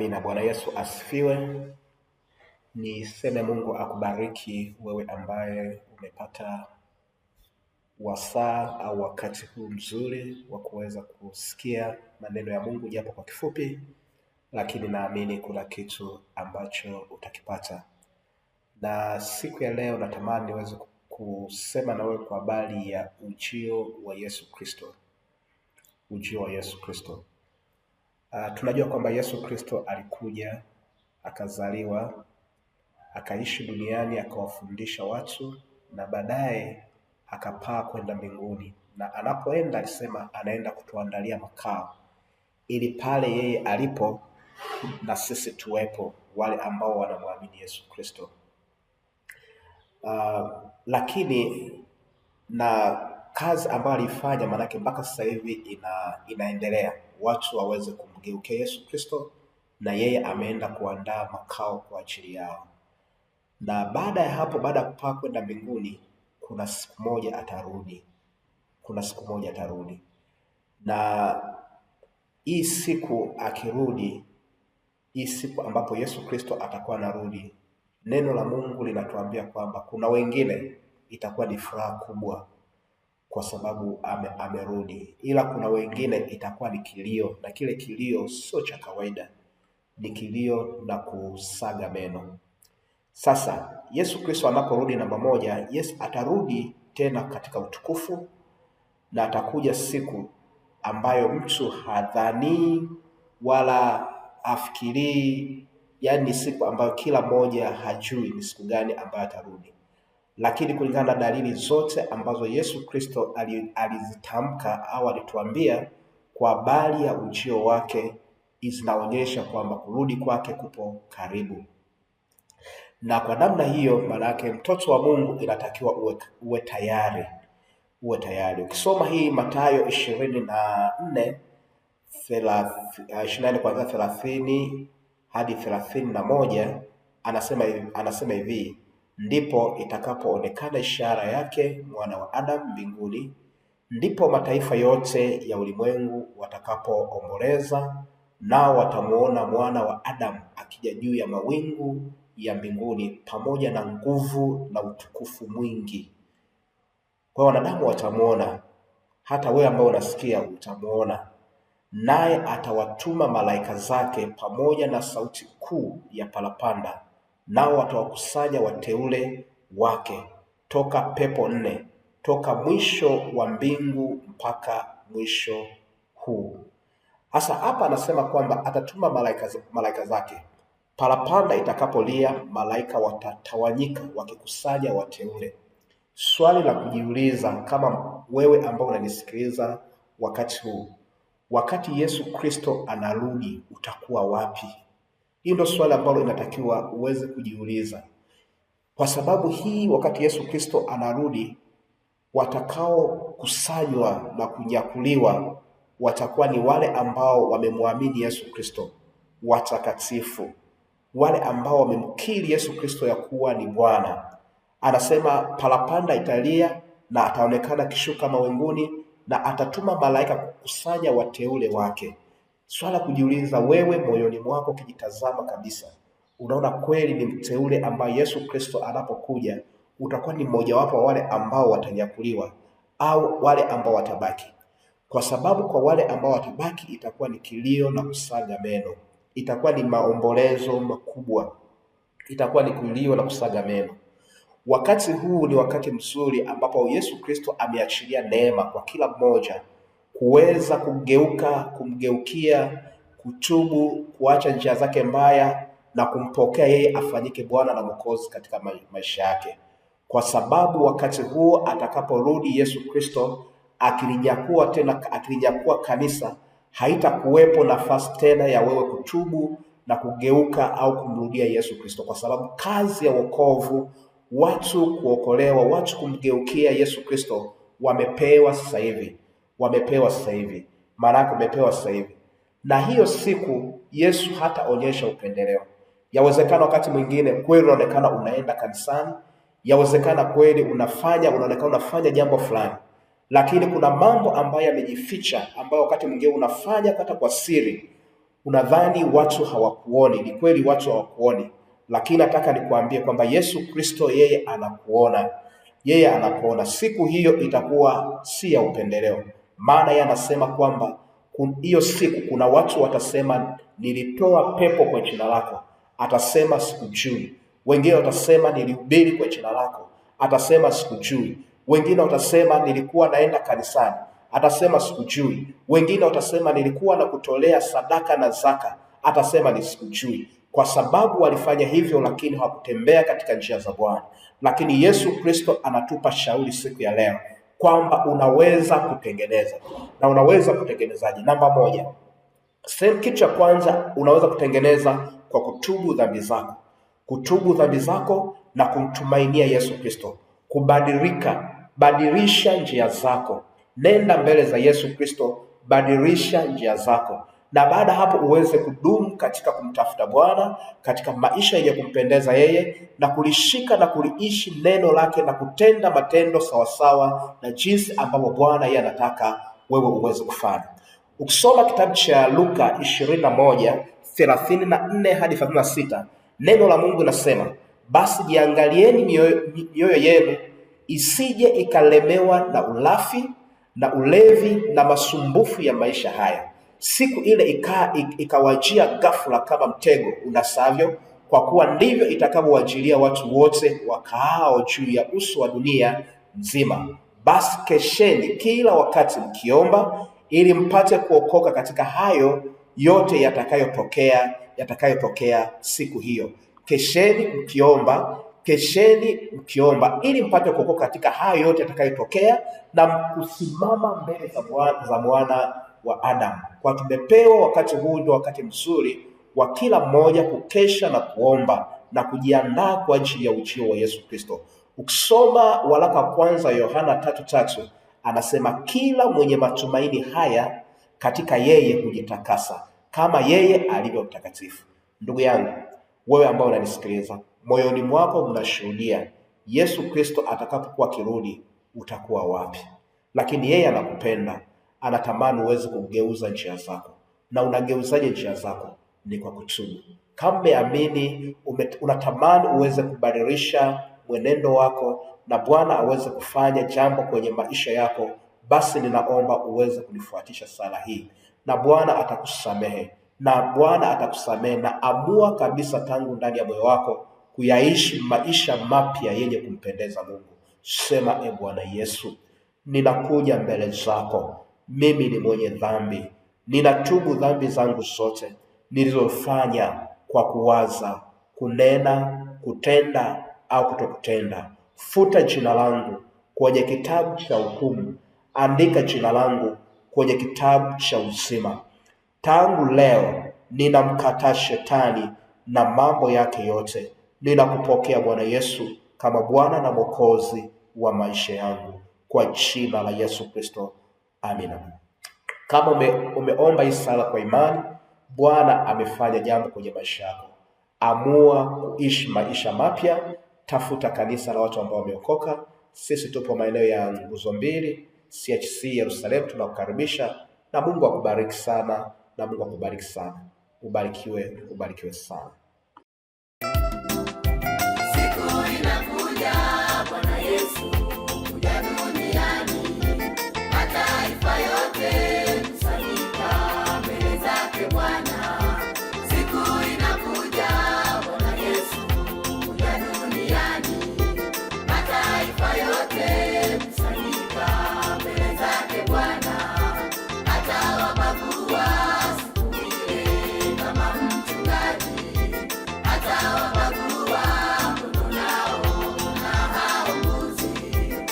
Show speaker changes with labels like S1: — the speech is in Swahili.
S1: Amina. Bwana Yesu asifiwe. Niseme Mungu akubariki wewe ambaye umepata wasaa au wakati huu mzuri wa kuweza kusikia maneno ya Mungu japo kwa kifupi, lakini naamini kuna kitu ambacho utakipata. Na siku ya leo natamani niweze kusema na wewe kwa habari ya ujio wa Yesu Kristo. Ujio wa Yesu Kristo. Uh, tunajua kwamba Yesu Kristo alikuja akazaliwa akaishi duniani akawafundisha watu na baadaye akapaa kwenda mbinguni, na anapoenda alisema anaenda kutuandalia makao ili pale yeye alipo na sisi tuwepo, wale ambao wanamwamini Yesu Kristo. Uh, lakini na kazi ambayo aliifanya maanake mpaka sasa hivi ina, inaendelea watu waweze kumgeukia Yesu Kristo, na yeye ameenda kuandaa makao kwa ajili yao. Na baada ya hapo, baada ya kupaa kwenda mbinguni, kuna siku moja atarudi, kuna siku moja atarudi. Na hii siku akirudi, hii siku ambapo Yesu Kristo atakuwa anarudi, neno la Mungu linatuambia kwamba kuna wengine itakuwa ni furaha kubwa kwa sababu ame, amerudi, ila kuna wengine itakuwa ni kilio, na kile kilio sio cha kawaida, ni kilio na kusaga meno. Sasa Yesu Kristo anaporudi, namba moja, Yesu atarudi tena katika utukufu na atakuja siku ambayo mtu hadhanii wala afikirii, yaani ni siku ambayo kila mmoja hajui ni siku gani ambayo atarudi lakini kulingana na dalili zote ambazo Yesu Kristo alizitamka au alituambia kwa habari ya ujio wake zinaonyesha kwamba kurudi kwake kupo karibu. Na kwa namna hiyo, maana yake mtoto wa Mungu inatakiwa uwe, uwe tayari uwe tayari. Ukisoma hii Mathayo ishirini na nne ishirini na nne kuanzia thelathini hadi thelathini na moja anasema hivi anasema hivi ndipo itakapoonekana ishara yake mwana wa Adamu mbinguni, ndipo mataifa yote ya ulimwengu watakapoomboleza, nao watamuona mwana wa Adamu akija juu ya mawingu ya mbinguni pamoja na nguvu na utukufu mwingi. Kwa wanadamu watamuona, hata wewe ambao unasikia utamuona, naye atawatuma malaika zake pamoja na sauti kuu ya parapanda nao watawakusanya wateule wake toka pepo nne, toka mwisho wa mbingu mpaka mwisho huu. Hasa hapa anasema kwamba atatuma malaika, malaika zake parapanda itakapolia, malaika watatawanyika wakikusanya wateule. Swali la kujiuliza kama wewe ambao unanisikiliza wakati huu, wakati Yesu Kristo anarudi utakuwa wapi? Hii ndio swali ambalo inatakiwa uweze kujiuliza, kwa sababu hii, wakati Yesu Kristo anarudi, watakaokusanywa na kunyakuliwa watakuwa ni wale ambao wamemwamini Yesu Kristo, watakatifu, wale ambao wamemkiri Yesu Kristo ya kuwa ni Bwana. Anasema parapanda italia na ataonekana kishuka mawinguni, na atatuma malaika kukusanya wateule wake. Swala kujiuliza wewe moyoni mwako, ukijitazama kabisa, unaona kweli ni mteule ambaye Yesu Kristo anapokuja utakuwa ni mmojawapo wa wale ambao watanyakuliwa au wale ambao watabaki, kwa sababu kwa wale ambao watabaki itakuwa ni kilio na kusaga meno, itakuwa ni maombolezo makubwa, itakuwa ni kilio na kusaga meno. Wakati huu ni wakati mzuri ambapo Yesu Kristo ameachilia neema kwa kila mmoja kuweza kumgeuka, kumgeukia, kutubu, kuacha njia zake mbaya na kumpokea yeye afanyike Bwana na Mwokozi katika maisha yake, kwa sababu wakati huo atakaporudi Yesu Kristo akilinyakuwa tena, akilinyakua kanisa, haitakuwepo nafasi tena ya wewe kutubu na kugeuka au kumrudia Yesu Kristo, kwa sababu kazi ya wokovu, watu kuokolewa, watu kumgeukia Yesu Kristo wamepewa sasa hivi wamepewa sasa hivi, maana yake umepewa sasa hivi. Na hiyo siku Yesu hataonyesha upendeleo. Yawezekana wakati mwingine kweli unaonekana unaenda kanisani, yawezekana kweli unafanya unaonekana unafanya jambo fulani, lakini kuna mambo ambayo yamejificha, ambayo wakati mwingine unafanya hata kwa siri, unadhani watu hawakuoni. Ni kweli watu hawakuoni, lakini nataka nikuambie kwamba Yesu Kristo yeye anakuona, yeye anakuona. Siku hiyo itakuwa si ya upendeleo. Maana yeye anasema kwamba hiyo siku kuna watu watasema, nilitoa pepo kwa jina lako, atasema sikujui. Wengine watasema nilihubiri kwa jina lako, atasema sikujui. Wengine watasema nilikuwa naenda kanisani, atasema sikujui. Wengine watasema nilikuwa na kutolea sadaka na zaka, atasema ni sikujui kwa sababu walifanya hivyo, lakini hawakutembea katika njia za Bwana. Lakini Yesu Kristo anatupa shauri siku ya leo kwamba unaweza kutengeneza na unaweza kutengenezaje? Namba moja, sehemu kitu cha kwanza unaweza kutengeneza kwa kutubu dhambi zako, kutubu dhambi zako na kumtumainia Yesu Kristo, kubadilika. Badilisha njia zako, nenda mbele za Yesu Kristo, badilisha njia zako na baada hapo uweze kudumu katika kumtafuta Bwana katika maisha yenye kumpendeza yeye na kulishika na kuliishi neno lake na kutenda matendo sawasawa na jinsi ambavyo Bwana yeye anataka wewe uweze kufanya. Ukisoma kitabu cha Luka ishirini na moja thelathini na nne hadi thelathini na sita neno la Mungu linasema basi jiangalieni mioyo yenu isije ikalemewa na ulafi na ulevi na masumbufu ya maisha haya siku ile ikaa ikawajia ghafla kama mtego unasavyo, kwa kuwa ndivyo itakavyowajilia watu wote wakaao juu ya uso wa dunia nzima. Basi kesheni kila wakati mkiomba, ili mpate kuokoka katika hayo yote yatakayotokea yatakayotokea siku hiyo. Kesheni mkiomba, kesheni mkiomba, ili mpate kuokoka katika hayo yote yatakayotokea, na kusimama mbele za Bwana wa Adamu. Kwa tumepewa wakati huu, ndio wakati mzuri wa kila mmoja kukesha na kuomba na kujiandaa kwa ajili ya ujio wa Yesu Kristo. Ukisoma waraka wa kwanza Yohana tatu tatu anasema kila mwenye matumaini haya katika yeye hujitakasa kama yeye alivyo mtakatifu. Ndugu yangu, wewe ambao unanisikiliza, moyoni mwako mnashuhudia Yesu Kristo atakapokuwa kirudi, utakuwa wapi? Lakini yeye anakupenda anatamani uweze kugeuza njia zako. Na unageuzaje njia zako? Ni kwa kutubu. Kama umeamini, unatamani uweze kubadilisha mwenendo wako na Bwana aweze kufanya jambo kwenye maisha yako, basi ninaomba uweze kunifuatisha sala hii, na Bwana atakusamehe na Bwana atakusamehe. Na amua kabisa tangu ndani ya moyo wako kuyaishi maisha mapya yenye kumpendeza Mungu. Sema, e Bwana Yesu, ninakuja mbele zako mimi ni mwenye dhambi, ninatubu dhambi zangu zote nilizofanya kwa kuwaza, kunena, kutenda au kutokutenda. Futa jina langu kwenye kitabu cha hukumu, andika jina langu kwenye kitabu cha uzima. Tangu leo ninamkataa Shetani na mambo yake yote. Ninakupokea Bwana Yesu kama Bwana na Mwokozi wa maisha yangu, kwa jina la Yesu Kristo. Amina. Kama ume, umeomba hii sala kwa imani, Bwana amefanya jambo kwenye maisha yako. Amua kuishi maisha mapya. Tafuta kanisa la watu ambao wameokoka. Sisi tupo maeneo ya nguzo mbili CHC Yerusalemu, tunakukaribisha na Mungu akubariki sana, na Mungu akubariki sana. Ubarikiwe, ubarikiwe sana.